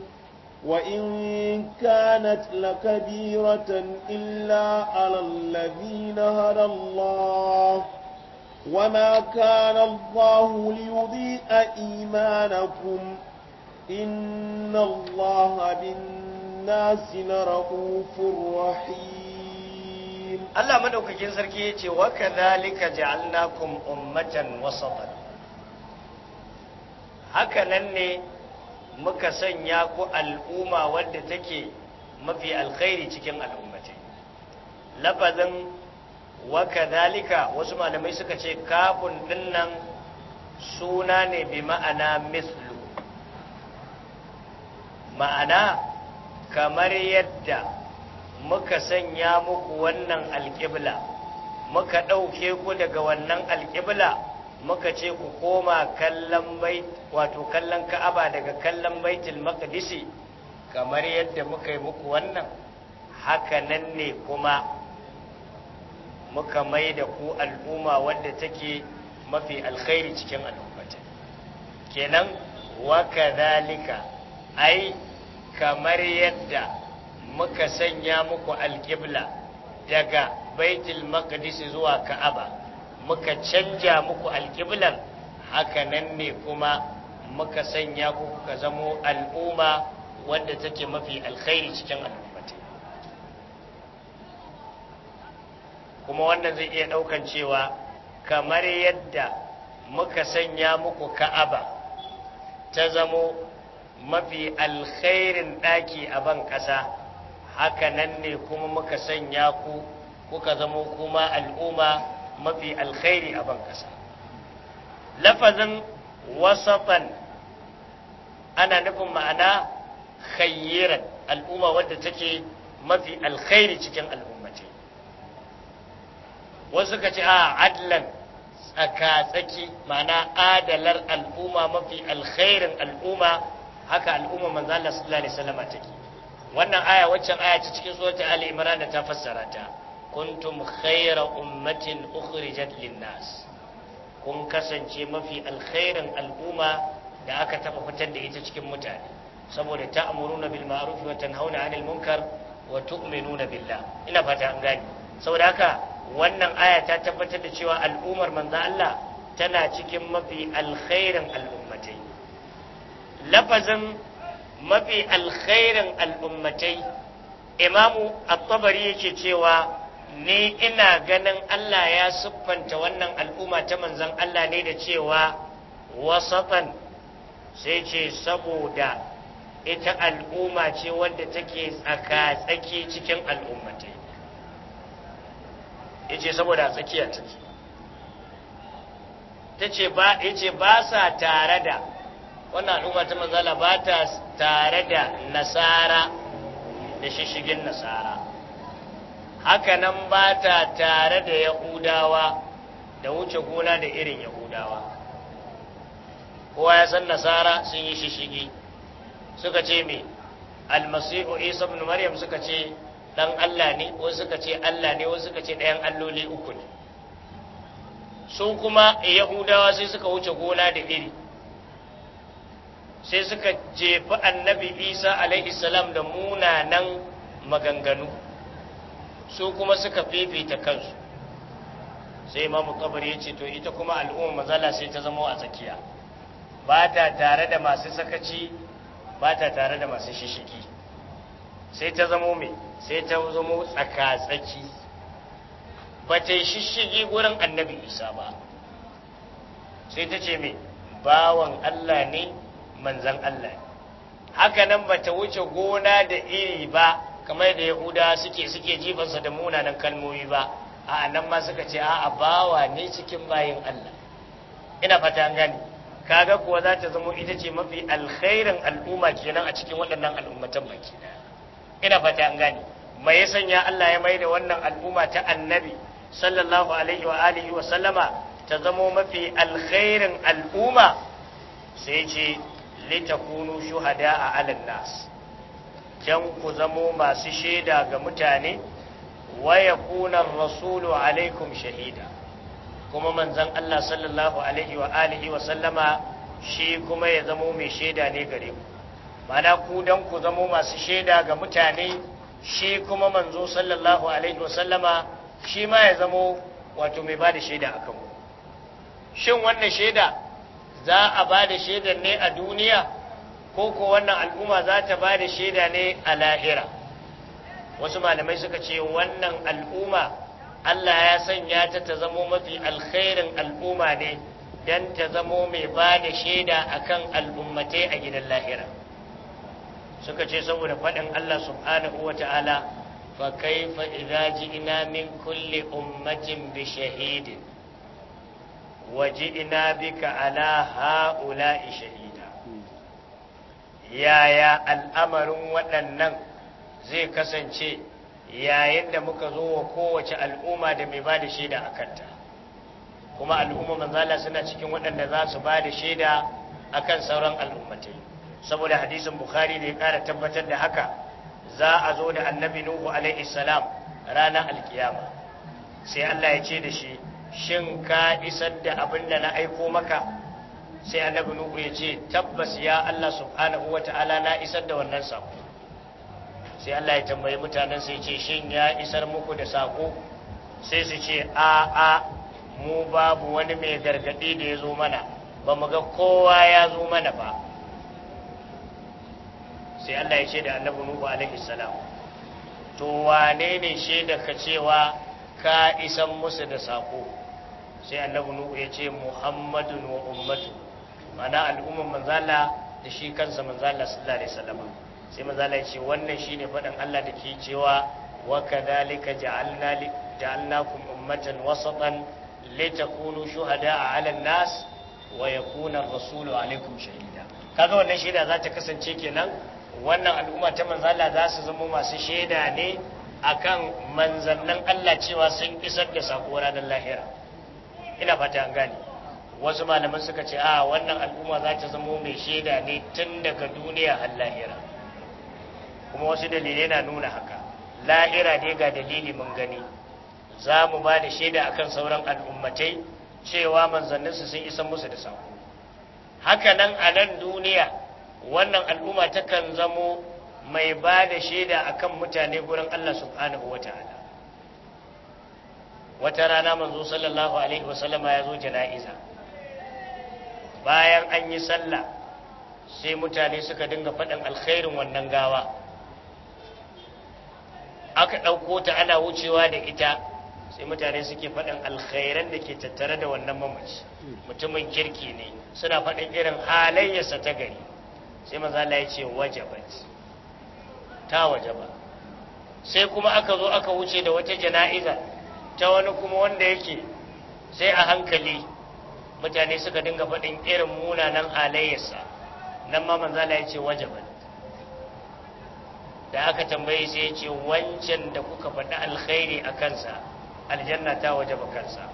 وإن كانت لكبيرة إلا على الذين هدى الله وما كان الله ليضيء إيمانكم إن الله بالناس لرؤوف رحيم الله مدوك جنسر كيتي وكذلك جعلناكم أمة وسطا هكذا muka sanya ku al'umma wadda take mafi alkhairi cikin al'ummati lafazin wa kadhalika wasu malamai suka ce kafin dinnan suna ne bi ma'ana mislu ma'ana kamar yadda muka sanya muku wannan alƙibla muka ɗauke ku daga wannan alƙibla muka ce ku koma kallon wato kallon ka'aba daga kallon baitul maqdisi kamar yadda muka yi muku wannan haka nan ne kuma muka mai da ku al'umma wadda take mafi alkhairi cikin al'ummata kenan wa kadhalika ai kamar yadda muka sanya muku alƙibla daga baitul maqdis zuwa ka'aba muka canja muku alƙiblar haka nan ne kuma muka sanya ku kuka zamo al'umma wadda take mafi alkhairi cikin al'ummatai kuma wannan zai iya ɗaukan cewa kamar yadda muka sanya muku ka'aba ta zamo mafi alkhairin ɗaki a ban ƙasa haka nan ne kuma muka sanya ku kuka zamo kuma al'umma mafi alkhairi a ban ƙasa lafazin wasatan ana nufin ma'ana khayyiran al'umma wadda take mafi alkhairi cikin al'ummatai wasu ka ce a adlan tsaka-tsaki ma'ana adalar al'umma mafi alkhairin al'umma haka al'umma manzo Allah sallallahu alaihi wasallam take wannan aya waccan aya ce cikin suratul ali imran da ta fassara ta kuntum khaira ummatin ukhrijat linnas kun kasance mafi alkhairin al'umma da aka taba fitar da ita cikin mutane saboda ta'muruna bil ma'ruf wa tanhauna 'anil munkar wa tu'minuna billah ina fata an gani saboda haka wannan aya ta tabbatar da cewa al'ummar manzo Allah tana cikin mafi alkhairin al'ummatai lafazin mafi alkhairin al'ummatai imamu at-tabari yake cewa ni ina ganin Allah ya siffanta wannan al'umma ta manzan Allah ne da cewa wasatan sai ce saboda ita al'umma ce wadda take tsaka-tsaki cikin al'ummatai ya ce saboda tsakiya take ta ce ba ya ce ba sa tare da wannan al'umma ta manzala ba ta tare da nasara da shishigin nasara haka nan ba ta tare da yahudawa da wuce gona da irin yahudawa kowa ya san nasara sun yi shishigi suka ce me almasihu isa ibn maryam suka ce dan allah ne ko suka ce allah ne ko suka ce ɗayan alloli uku ne sun kuma yahudawa sai suka wuce gona da iri sai suka jefi annabi isa alaihi salam da munanan maganganu su kuma suka fifita kansu sai imamu kabari ya ce to ita kuma al'umma mazala sai ta zama a tsakiya ba ta tare da masu sakaci ba ta tare da masu shishiki sai ta zamo mai sai ta zamo tsaka-tsaki ba ta yi shishigi wurin annabi isa ba sai ta ce mai bawan allah ne manzan allah ne haka nan ba ta wuce gona da iri ba kamar da yahuda suke suke jifansa da munanan kalmomi ba a nan ma suka ce a'a bawa ne cikin bayin Allah ina fata an gani kaga kuwa za ta zama ita ce mafi alkhairin al'umma kenan a cikin waɗannan al'ummatan baki ina fata an gani mai ya sanya Allah ya mai da wannan al'umma ta annabi sallallahu alaihi wa alihi wa sallama ta zama mafi alkhairin al'umma sai ce litakunu shuhada a alan nas don ku zamo masu shaida ga mutane waya kunan rasulu alaikum shahida kuma manzan Allah sallallahu alaihi wa alihi wa sallama shi kuma ya zamo mai shaida ne gare ku mana ku don ku zamo masu shaida ga mutane shi kuma manzo sallallahu alaihi wa sallama shi ma ya zamo wato mai ba da shaida a kanku shin wannan shaida za a ba da shaidar ne a duniya ko ko wannan al'umma za ta ba da shaida ne a lahira wasu malamai suka ce wannan al'umma Allah ya sanya ta ta zamo mafi alkhairin al'umma ne don ta zamo mai ba da shaida akan al'ummatai a gidan lahira suka ce saboda faɗin Allah subhanahu wa ta'ala fa kaifa idza ji'na min kulli ummatin bi shahidin wa ji'na bika ala ha'ula'i shahid yaya al'amarin waɗannan zai kasance yayin da muka zo wa kowace al'umma da mai ba da shaida a kanta kuma al'umma manzala suna cikin waɗanda za su ba da shaida a kan sauran al'ummatai saboda hadisin bukhari da ya ƙara tabbatar da haka za a zo da annabi nuhu alaihi salam ranar alkiyama sai allah ya ce da shi shin ka isar da abin da na aiko maka sai annabi nuhu ya ce tabbas ya Allah subhanahu ta'ala na isar da wannan sako sai Allah ya tambayi mutanen sai ce shin ya isar muku da sako sai su ce a a mu babu wani mai gargadi da ya zo mana ba mu ga kowa ya zo mana ba sai Allah ya ce da annabi nuhu alaihi salam to wane ne shaida ka cewa ka isan musu da sako sai annabi nuhu ya ce muhammadun wa ummatuhu ma'ana al'umman manzala da shi kansa manzala sallallahu alaihi wasallam sai manzala ya ce wannan shine faɗin Allah da ke cewa wa kadhalika ja'alna ja'alnakum ummatan wasatan litakunu shuhada'a 'ala an-nas wa yakuna ar-rasulu 'alaykum shahida kaga wannan shaida za ta kasance kenan wannan al'umma ta manzala za su zama masu shaida ne akan manzannin Allah cewa sun isar da sako ranar lahira ina fata an gane wasu malaman suka ce a ah, wannan al'umma za ta zama mai shaida ne tun daga duniya har lahira kuma wasu dalilai na nuna haka lahira dai ga dalili mun gani za mu ba da shaida akan sauran al'ummatai cewa manzanninsu sun isa musu da sako haka nan a nan duniya wannan al'umma ta kan zamo mai ba da shaida akan mutane gurin Allah subhanahu wa ta'ala wata rana manzo sallallahu alaihi wasallama ya zo jana'iza bayan an yi sallah sai mutane suka dinga faɗin alkhairin wannan gawa aka ɗauko ta ana wucewa da ita sai mutane suke faɗin alkhairan da ke tattare da wannan mamaci mutumin kirki ne suna faɗin irin halayyarsa ta gari sai mazala ya ce wajabat ta wajaba sai kuma aka zo aka wuce da wata jana'iza ta wani kuma wanda yake sai a hankali mutane suka dinga faɗin irin munanan alayyarsa nan ma manzala ya ce wajaban da aka tambaye sai ya ce wancan da kuka faɗi alkhairi a kansa aljanna ta wajaba kansa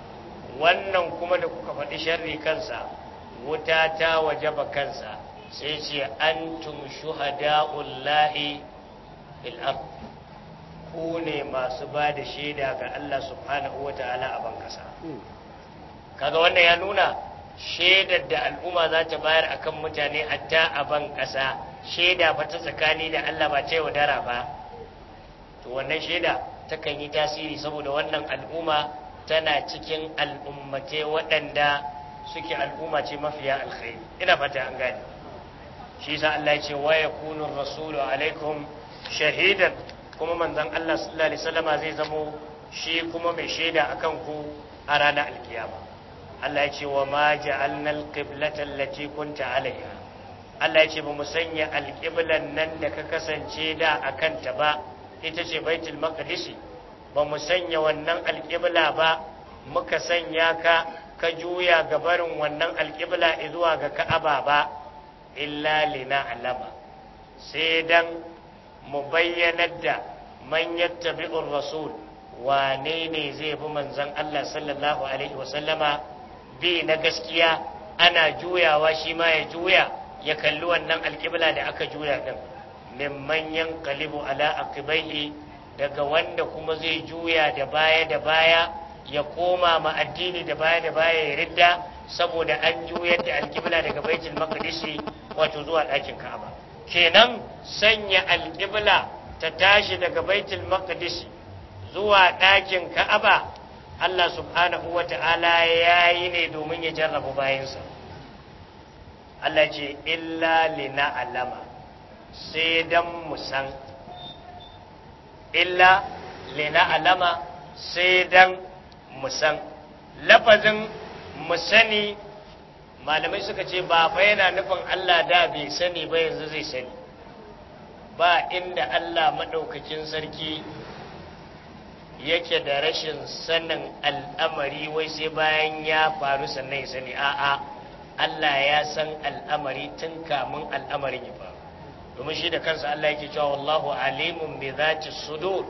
wannan kuma da kuka faɗi sharri kansa wuta ta wajaba kansa sai ce antum shuhada'ullahi fil ard ku ne masu ba da shaida ga Allah subhanahu wa ta'ala a bankasa hmm. kaga wannan ya nuna shaidar da al'umma za ta bayar akan mutane a a ban ƙasa shaida ba ta tsakani da Allah ba ta yaudara ba to wannan shaida takan yi tasiri saboda wannan al'umma tana cikin al'ummate waɗanda suke al'umma ce mafiya alkhairi ina fata an gane shi yasa Allah ce wa yakunu rasulu alaikum shahidan kuma manzon Allah sallallahu alaihi zai zamo shi kuma mai shaida akan ku a ranar alkiyama Allah ya ce wa ma ja'alnal qiblata allati kunta alaiha Allah ya ce bamu sanya alqiblan nan da ka kasance da akan ta ba ita ce baitul maqdis bamu sanya wannan alqibla ba muka sanya ka ka juya ga barin wannan alqibla zuwa ga Ka'aba ba illa alama. sai dan mu bayyanar da man yattabi'ur rasul wane ne zai bi manzon Allah sallallahu alaihi sallama. be na gaskiya ana juyawa shi ma ya juya ya kalli wannan alƙibla da aka juya din min manyan kalibu ala aqibaihi daga wanda kuma zai juya da baya da baya ya koma ma addini da baya da baya ya ridda saboda an juya da alƙibla daga baitul maqdisi wato zuwa ɗakin ka'aba kenan sanya alƙibla ta tashi daga baitul maqdisi zuwa ɗakin ka'aba Allah subhanahu wa ta'ala ya yi ne domin ya jarrabu bayansa Allah ce illa lina alama sai don san. illa lina alama sai don san. lafazin sani, malamai suka ce ba fa yana nufin Allah da bai sani ba yanzu zai sani ba inda Allah maɗaukakin sarki yake da rashin sanin al'amari wai sai bayan ya faru sannan ya sani a'a Allah ya san al'amari tun kamun al'amarin ya faru domin shi da kansa Allah yake cewa wallahu alimun bi zati sudur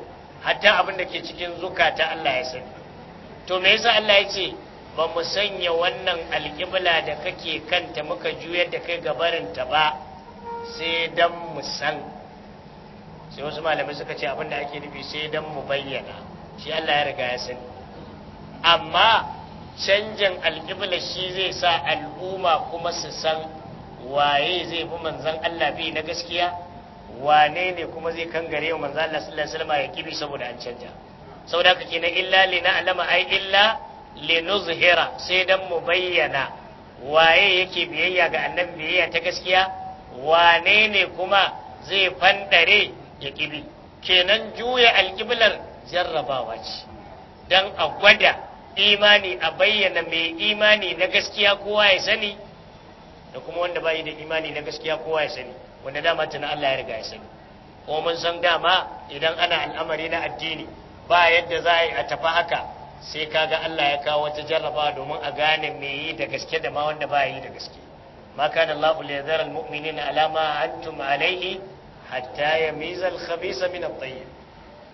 hatta abin da ke cikin zukata Allah ya sani to me yasa Allah ya ce ba mu sanya wannan alƙibla da kake kanta muka juyar da kai gabarinta ba sai dan mu san sai wasu malamai suka ce abin da ake nufi sai dan mu bayyana shi Allah ya riga ya sani amma canjin alƙibla shi zai sa al'umma kuma su san waye zai bi manzan Allah bi na gaskiya wane ne kuma zai gare wa manzan Allah sallallahu alaihi wasallam ya kibi saboda an canja saboda haka kenan illa li na'lama ai illa li nuzhira sai dan mu bayyana waye yake biyayya ga annabi biyayya ta gaskiya wane ne kuma zai fandare ya kibi kenan juya alƙiblar jarrabawa ce don a gwada imani a bayyana mai imani na gaskiya kowa ya sani da kuma wanda bayi da imani na gaskiya kowa ya sani wanda dama tana Allah ya riga ya sani ko mun san dama idan ana al'amari na addini ba yadda za a yi a tafi haka sai ka ga Allah ya kawo wata jarrabawa domin a gane me yi da gaske da ma wanda ba yi da gaske ma kana Allah ya zara al-mu'minina ala ma antum alayhi hatta yamiza al-khabisa min at-tayyib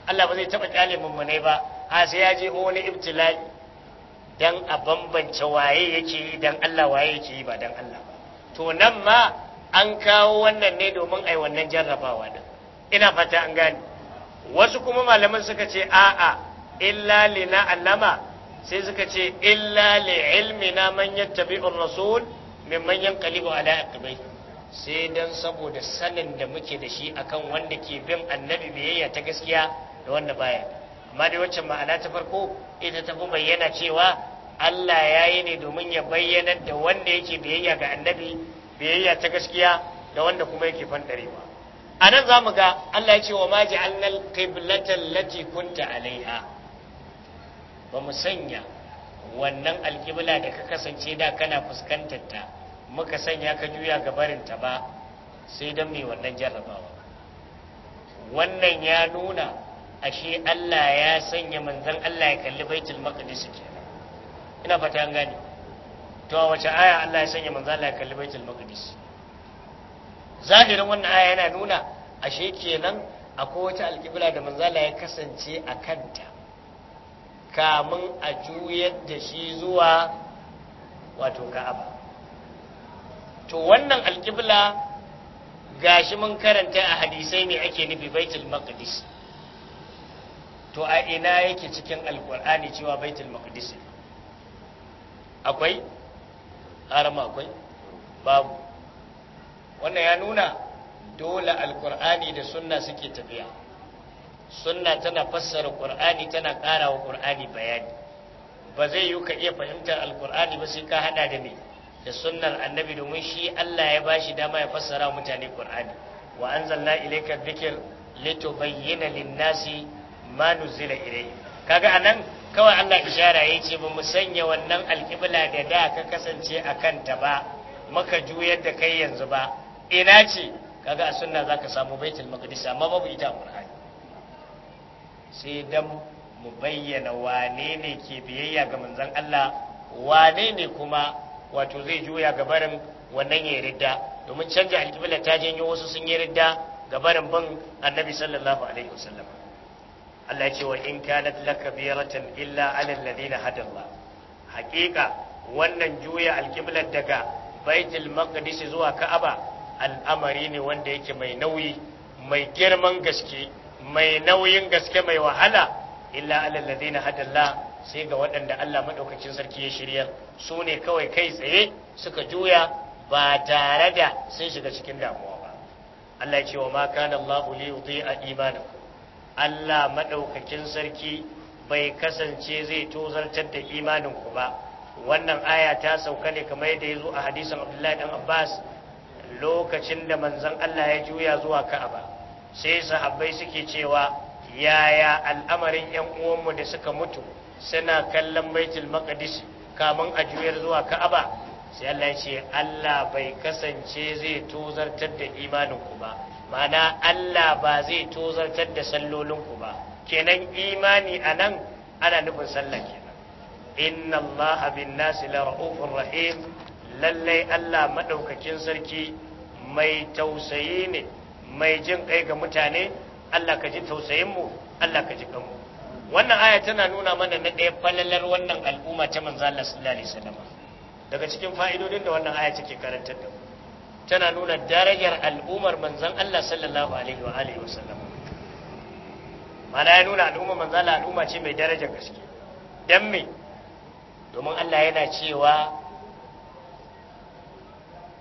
Allah ba zai taɓa ƙyale mummune ba ha sai ya je wani ibtila'i dan a bambance waye yake yi dan Allah waye yake yi ba dan Allah ba to nan ma an kawo wannan ne domin ai wannan jarrabawa din ina fata an gane wasu kuma malaman suka ce a'a illa na allama sai suka ce illa li na man yattabi'ur rasul man yanqalibu ala aqibai sai dan saboda sanin da muke da shi akan wanda ke bin annabi biyayya ta gaskiya da wannan baya amma dai wacce ma'ana ta farko ita ta kuma yana cewa Allah ya yi ne domin ya bayyana da wanda yake biyayya ga annabi biyayya ta gaskiya da wanda kuma yake fanɗarewa a nan za mu ga Allah ya ce wa ma ji'alnal qiblatan lati kunta alaiha ba mu sanya wannan alƙibla da ka kasance da kana fuskantar ta muka sanya ka juya ga barinta ba sai don mai wannan jarrabawa wannan ya nuna ashe Allah ya sanya manzan Allah ya kalli baitul maqdis kenan ina fata an gane to a wace aya Allah ya sanya manzan Allah ya kalli baitul maqdis zahirin wannan aya yana nuna ashe kenan akwai wata alƙibla da manzan Allah ya kasance a kanta kamun a juyar da shi zuwa wato ka'aba to wannan alƙibla gashi mun karanta a hadisai ne ake nufi baitul maqdis to a ina yake cikin alkur'ani cewa baitul maqdis akwai harama akwai babu wannan ya nuna dole alkur'ani da sunna suke tafiya sunna tana fassara qur'ani tana ƙara wa qur'ani bayani ba zai yi ka iya fahimtar alkur'ani ba sai ka hada da ni da sunnar annabi domin shi Allah ya bashi dama ya fassara mutane qur'ani wa anzalna ilayka dhikr litubayyana lin-nasi ma nuzila ilayhi kaga anan kawai Allah ishara ya ce ba mu sanya wannan alƙibla da da ka kasance a ta ba maka juyar da kai yanzu ba ina ce kaga a sunna zaka samu baitul maqdis amma babu ita a qur'ani sai dan mu bayyana wane ne ke biyayya ga manzon Allah wane ne kuma wato zai juya ga barin wannan ya ridda domin canja alƙibla ta janyo wasu sun yi ridda ga barin bin annabi sallallahu alaihi wasallam Allah ce wa in kanat laka illa alal ladina hadalla haƙiƙa wannan juya alƙiblar daga baitul maqdis zuwa ka'aba al'amari ne wanda yake mai nauyi mai girman gaske mai nauyin gaske mai wahala illa alal ladina hadalla sai ga waɗanda Allah madaukakin sarki ya shirya su ne kawai kai tsaye suka juya ba tare da sun shiga cikin damuwa ba Allah ya ce wa ma kana Allahu li yudhi'a imanakum Allah maɗaukakin sarki bai kasance zai tozartar da imaninku ba wannan aya ta sauka ne kamar yadda ya zo a hadisin abdullahi dan abbas lokacin da manzon Allah ya juya zuwa ka'aba sai sahabbai suke cewa yaya al'amarin yan uwanmu da suka mutu suna kallon baitul maqdis kamun a juyar zuwa ka'aba sai Allah ya ce Allah bai kasance zai tozartar da imaninku ba mana Allah ba zai tozartar da sallolinku ba kenan imani a nan ana nufin sallah kenan inna Allah bin nasi la ra'ufur rahim lallai Allah madaukakin sarki mai tausayi ne mai jin kai ga mutane Allah ka ji tausayin mu Allah ka ji kanmu wannan aya tana nuna mana na ɗaya falalar wannan al'umma ta manzo Allah sallallahu alaihi wasallam daga cikin fa'idodin da wannan aya take karantar da mu tana nuna darajar al'ummar manzan Allah sallallahu alaihi wa alihi wasallam mana ya nuna al'ummar manzan Allah al'umma ce mai darajar gaske dan me domin Allah yana cewa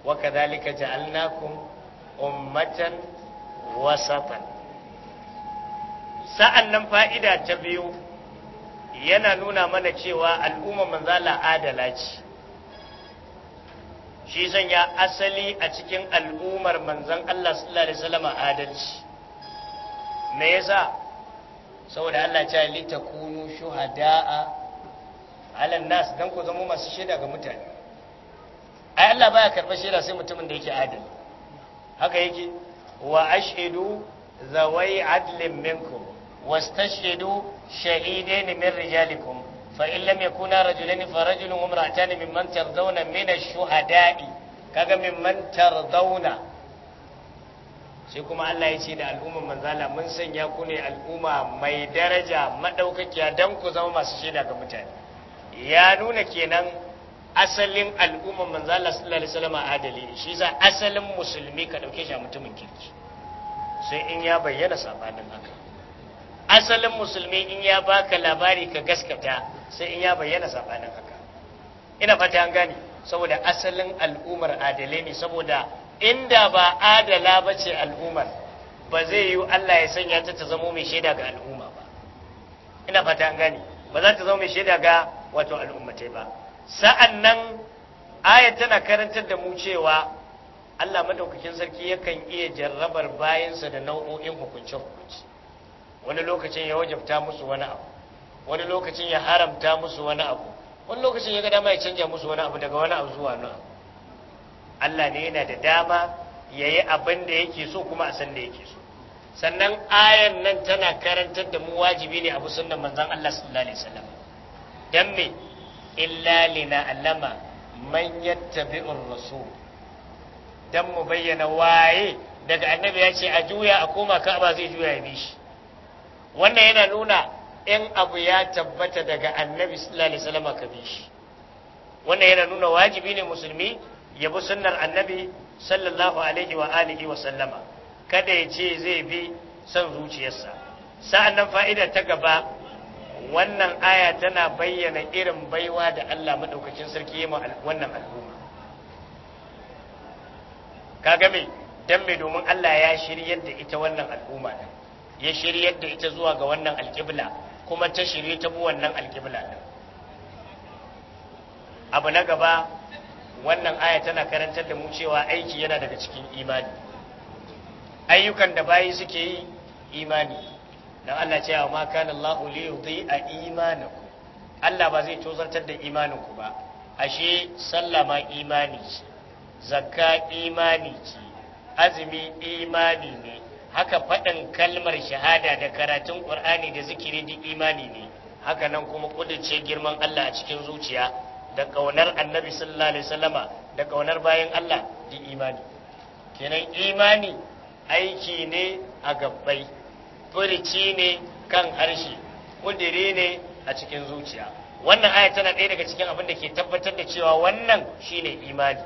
wa kadhalika ja'alnakum ummatan wasatan sa'an nan fa'ida ta biyu yana nuna mana cewa al'ummar manzan Allah adala ce shi sanya asali a cikin al'ummar manzan Allah sallallahu alaihi wasallam adalci me yasa saboda Allah ya ce litakunu shuhada'a ala nas dan ku zama masu shaida ga mutane ai Allah baya karɓar shaida sai mutumin da yake adali haka yake wa ashhadu zawai adlin minkum wastashhadu shahidaini min rijalikum فإن لم يكونا رجلين فرجل وامرأتان ممن ترضون daɗi kaga كذا ممن ترضون sai kuma Allah ya ce da al'umman manzala mun sanya ku ne al'umma mai daraja maɗaukakiya don ku zama masu shaida ga mutane ya nuna kenan asalin al'ummar manzala sallallahu alaihi wasallam adali ne shi za asalin musulmi ka ɗauke shi a mutumin kirki sai in ya bayyana safanin haka asalin musulmi in ya baka labari ka gaskata sai in ya bayyana sabanin haka ina fata an gane saboda asalin al'umar adalai ne saboda inda ba adala ba ce al'umar ba zai yi Allah ya sanya ta ta zamo mai shaida ga al'umma ba ina fata an gane ba za ta zama mai shaida ga wato al'ummatai ba sa'an nan ayat tana karantar da mu cewa Allah madaukakin sarki yakan iya jarrabar bayansa da nau'o'in hukunce hukunci wani lokacin ya wajabta musu wani abu wani lokacin ya haramta musu wani abu wani lokacin ya ga dama ya canja musu wani abu daga wani abu zuwa wani abu Allah ne yana da dama ya yi abin da yake so kuma a san da yake so sannan ayan nan tana karantar da mu wajibi ne abu sunan manzan Allah sallallahu alaihi wasallam dan me illa lina allama man yattabi'ur rasul dan mu bayyana waye daga annabi ya ce a juya a koma ka'aba zai juya ya bi shi wannan yana nuna in abu ya tabbata daga annabi sallallahu alaihi wasallam ka bi shi wannan yana nuna wajibi ne musulmi ya bi sunnar annabi sallallahu alaihi wa alihi wa sallama kada ya ce zai bi san zuciyarsa sa'annan fa'ida ta gaba wannan aya tana bayyana irin baiwa da Allah madaukakin sarki yayin wannan al'umma kaga me dan me domin Allah ya shiryar da ita wannan al'umma din ya shiryar da ita zuwa ga wannan alƙibla kuma ta shirye ta bi wannan alƙibla ɗin abu na gaba wannan aya tana karantar da mu cewa aiki yana daga cikin imani ayyukan da bayi suke yi imani dan Allah ce amma kana Allah li yudhi'a imanaku Allah ba zai tozartar da imaninku ba ashe sallah imani ce zakka imani ce azumi imani ne haka faɗin kalmar shahada da karatun ƙur'ani da zikiri duk imani ne haka nan kuma ƙuduce girman Allah a cikin zuciya da ƙaunar annabi sallallahu alaihi wasallama da ƙaunar bayan Allah duk imani kenan imani aiki ne a gabbai furici ne kan harshe ƙudiri ne a cikin zuciya wannan aya tana ɗaya daga cikin abin da ke tabbatar da cewa wannan shine imani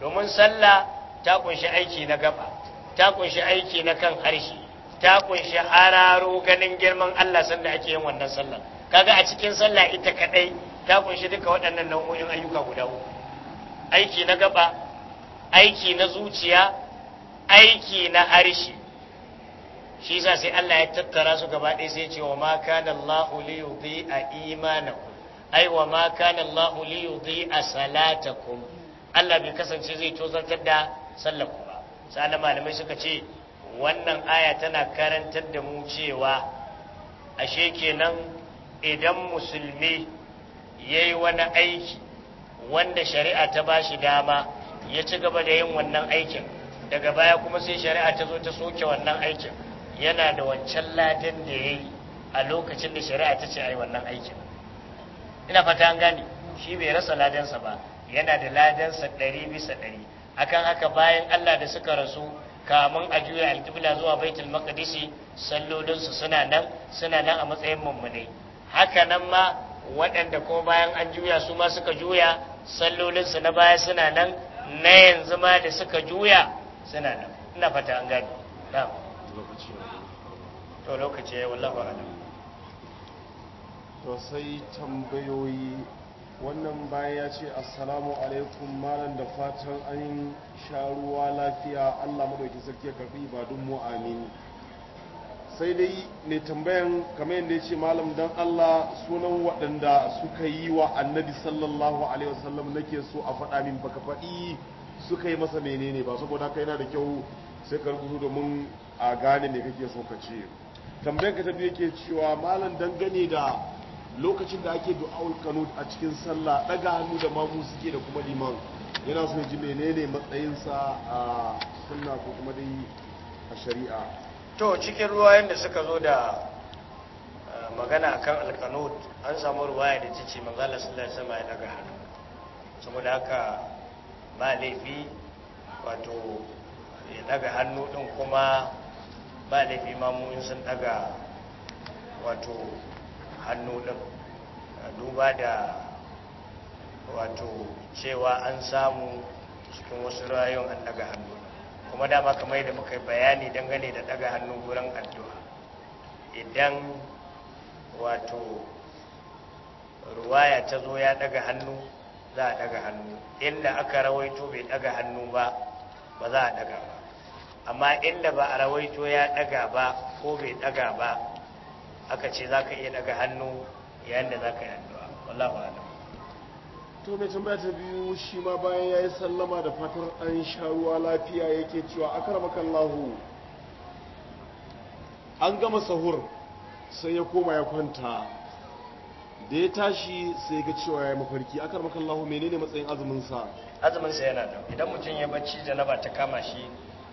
domin sallah ta kunshi aiki na gaba ta kunshi aiki na kan harshe ta kunshi hararo ganin girman Allah sanda ake yin wannan sallah kaga a cikin sallah ita kadai ta kunshi duka waɗannan nau'o'in ayyuka guda uku aiki na gaba aiki na zuciya aiki na harshe shi yasa sai Allah ya tattara su gaba ɗaya sai ce wa ma kana Allah li yudhi'a imanakum ai wa ma kana Allah li yudhi'a salatakum Allah bai kasance zai tozartar da sallar sa'an malamai suka ce wannan aya tana karantar da mu cewa ashe kenan idan musulmi ya yi wani aiki wanda shari'a ta ba shi dama ya ci gaba da yin wannan aikin daga baya kuma sai shari'a ta zo ta soke wannan aikin yana da wancan ladan da ya yi a lokacin da shari'a ta ce a yi wannan aikin ina fata an gane shi bai rasa ladansa ba yana da ladansa ɗari bisa ɗari akan haka bayan Allah da suka rasu kamun a juya alkibla zuwa baitul maqdisi sallolinsu suna nan suna nan a matsayin mummunai haka nan ma waɗanda ko bayan an juya su ma suka juya sallolinsu na baya suna nan na yanzu ma da suka juya suna nan ina fata an gani na'am to lokaci wallahi wallahi to sai tambayoyi wannan bayan ya ce assalamu alaikum malam da fatan an sha ruwa lafiya allah maɗauki sarki ya karɓi ibadun mu amin sai dai ne tambayan kamar yadda ya ce malam dan allah sunan waɗanda suka yi wa annabi sallallahu alaihi wasallam nake so a faɗa min baka faɗi suka yi masa menene ba saboda kai yana da kyau sai ka rubutu domin a gane me kake so ka ce tambayar ka ta biyu yake cewa malam dangane da lokacin da ake du'a'ul qanud a cikin sallah daga hannu da mamu suke da kuma liman yana so ji menene matsayinsa a sunna ko kuma dai a shari'a to cikin ruwa da suka zo da eh, magana akan alqanud an samu ruwaya da cici manzo Allah sallallahu alaihi wasallam ya daga hannu saboda haka ba laifi wato ya daga hannu din kuma ba laifi mamu in sun daga wato hannu ɗin duba da wato cewa an samu cikin wasu rayuwar an daga hannu kuma dama kamar da muka bayani dangane da daga hannu wurin addu'a idan wato ruwaya ta zo ya daga hannu za a daga hannu inda aka rawaito bai daga hannu ba ba za a daga ba amma inda ba a rawaito ya daga ba ko bai daga ba aka ce za ka iya daga hannu yayin da za ka yi addu'a wallahu alam to mai tambaya ta biyu shi ma bayan ya yi sallama da fatar an sha ruwa lafiya yake cewa a akarmakallahu an gama sahur sai ya koma ya kwanta da ya tashi sai ga cewa ya yi mafarki akar makallahu menene matsayin azuminsa azuminsa yana da idan mutum ya bacci janaba ta kama shi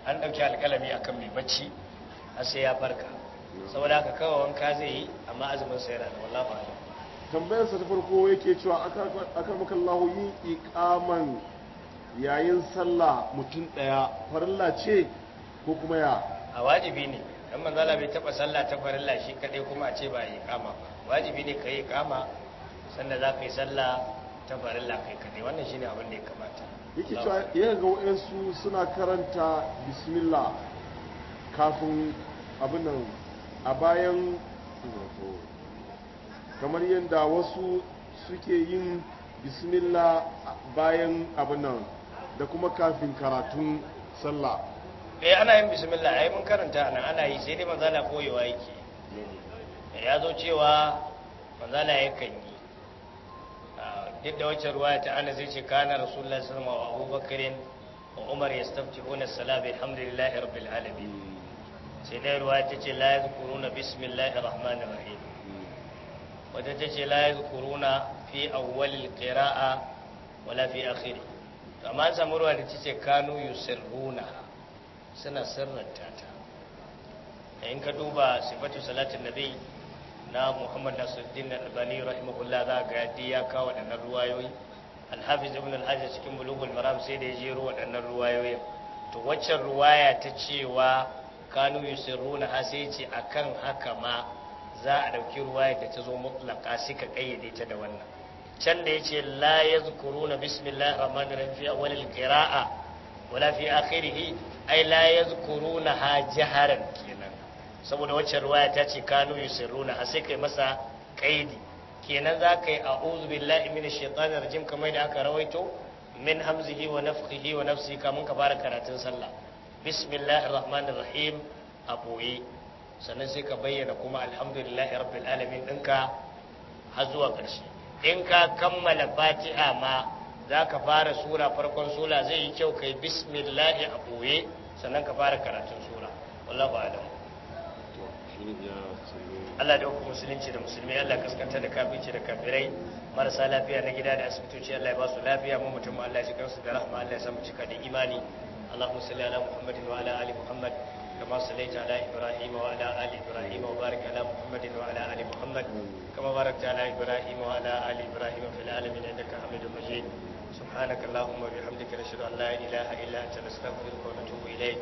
an ɗauki alƙalami akan mai bacci a sai ya farka saboda haka kawai wanka zai yi amma azumin sa yana da wallahi ba tambayar sa ta farko yake cewa aka maka Allahu yin iqaman yayin sallah mutum daya farilla ce ko kuma ya a wajibi ne dan Allah bai taba sallah ta farilla shi kadai kuma a ce ba iqama wajibi ne kai iqama sannan za ka yi sallah ta farilla kai kadai wannan shine abin da ya kamata yake cewa yana ga wayansu suna karanta bismillah kafin abin nan a bayan kamar yadda wasu suke yin bismillah bayan abin nan da kuma kafin karatun sallah eh ana yin bismillah ai mun karanta nan ana yi sai dai manzala koyewa yake ya zo cewa manzala yakan yi yadda ah, wacce ruwaya ta ana zai ce kana rasulullah sallallahu alaihi wa abubakarin wa umar yastafti huna salama alhamdulillahi rabbil alamin sai dai ruwa ta ce la yazkuruna bismillahir rahmanir rahim wata ta ce la kuruna fi awwalil qira'a wala fi akhiri to amma samu ruwa da ta ce kanu yusirruna suna sirranta ta in ka duba sifatu salatin nabi na Muhammad Nasiruddin Albani rahimahullah za ga yadda ya kawo waɗannan ruwayoyi alhafiz Ibn al cikin Bulughul Maram sai da ya jero nan ruwayoyin to waccan ruwaya ta cewa kanu yusiruna ha sai ce akan haka ma za a dauki ruwaya da ta zo mutlaka suka kayyade ta da wannan can da yace la yazkuruna bismillahir rahmanir rahim fi awwalil qira'a wala fi akhirih ai la yazkuruna ha jaharan kenan saboda wacce ruwaya ta ce kanu yusiruna ha sai kai masa kaidi kenan za ka yi a'udhu billahi minash shaitanir rajim kamar da aka rawaito min hamzihi wa nafkhihi wa nafsi kamun ka fara karatun sallah bismillahir rahmanir rahim a boye sannan sai ka bayyana kuma alhamdulillah rabbil alamin ɗinka har zuwa ƙarshe in ka kammala fatiha ma za ka fara sura farkon sura zai yi kyau kai bismillah a boye sannan ka fara karatun sura wallahu alam Allah da hukumar musulunci da musulmi Allah kaskanta da kafinci da kafirai marasa lafiya na gida da asibitoci Allah ya ba su lafiya mu mutum Allah ya shiga su da rahama Allah ya samu cika da imani اللهم صل على محمد وعلى ال محمد كما صليت على ابراهيم وعلى ال ابراهيم وبارك على محمد وعلى ال محمد كما باركت على ابراهيم وعلى ال ابراهيم في العالمين انك حميد مجيد سبحانك اللهم وبحمدك نشهد ان لا اله الا انت نستغفرك ونتوب اليك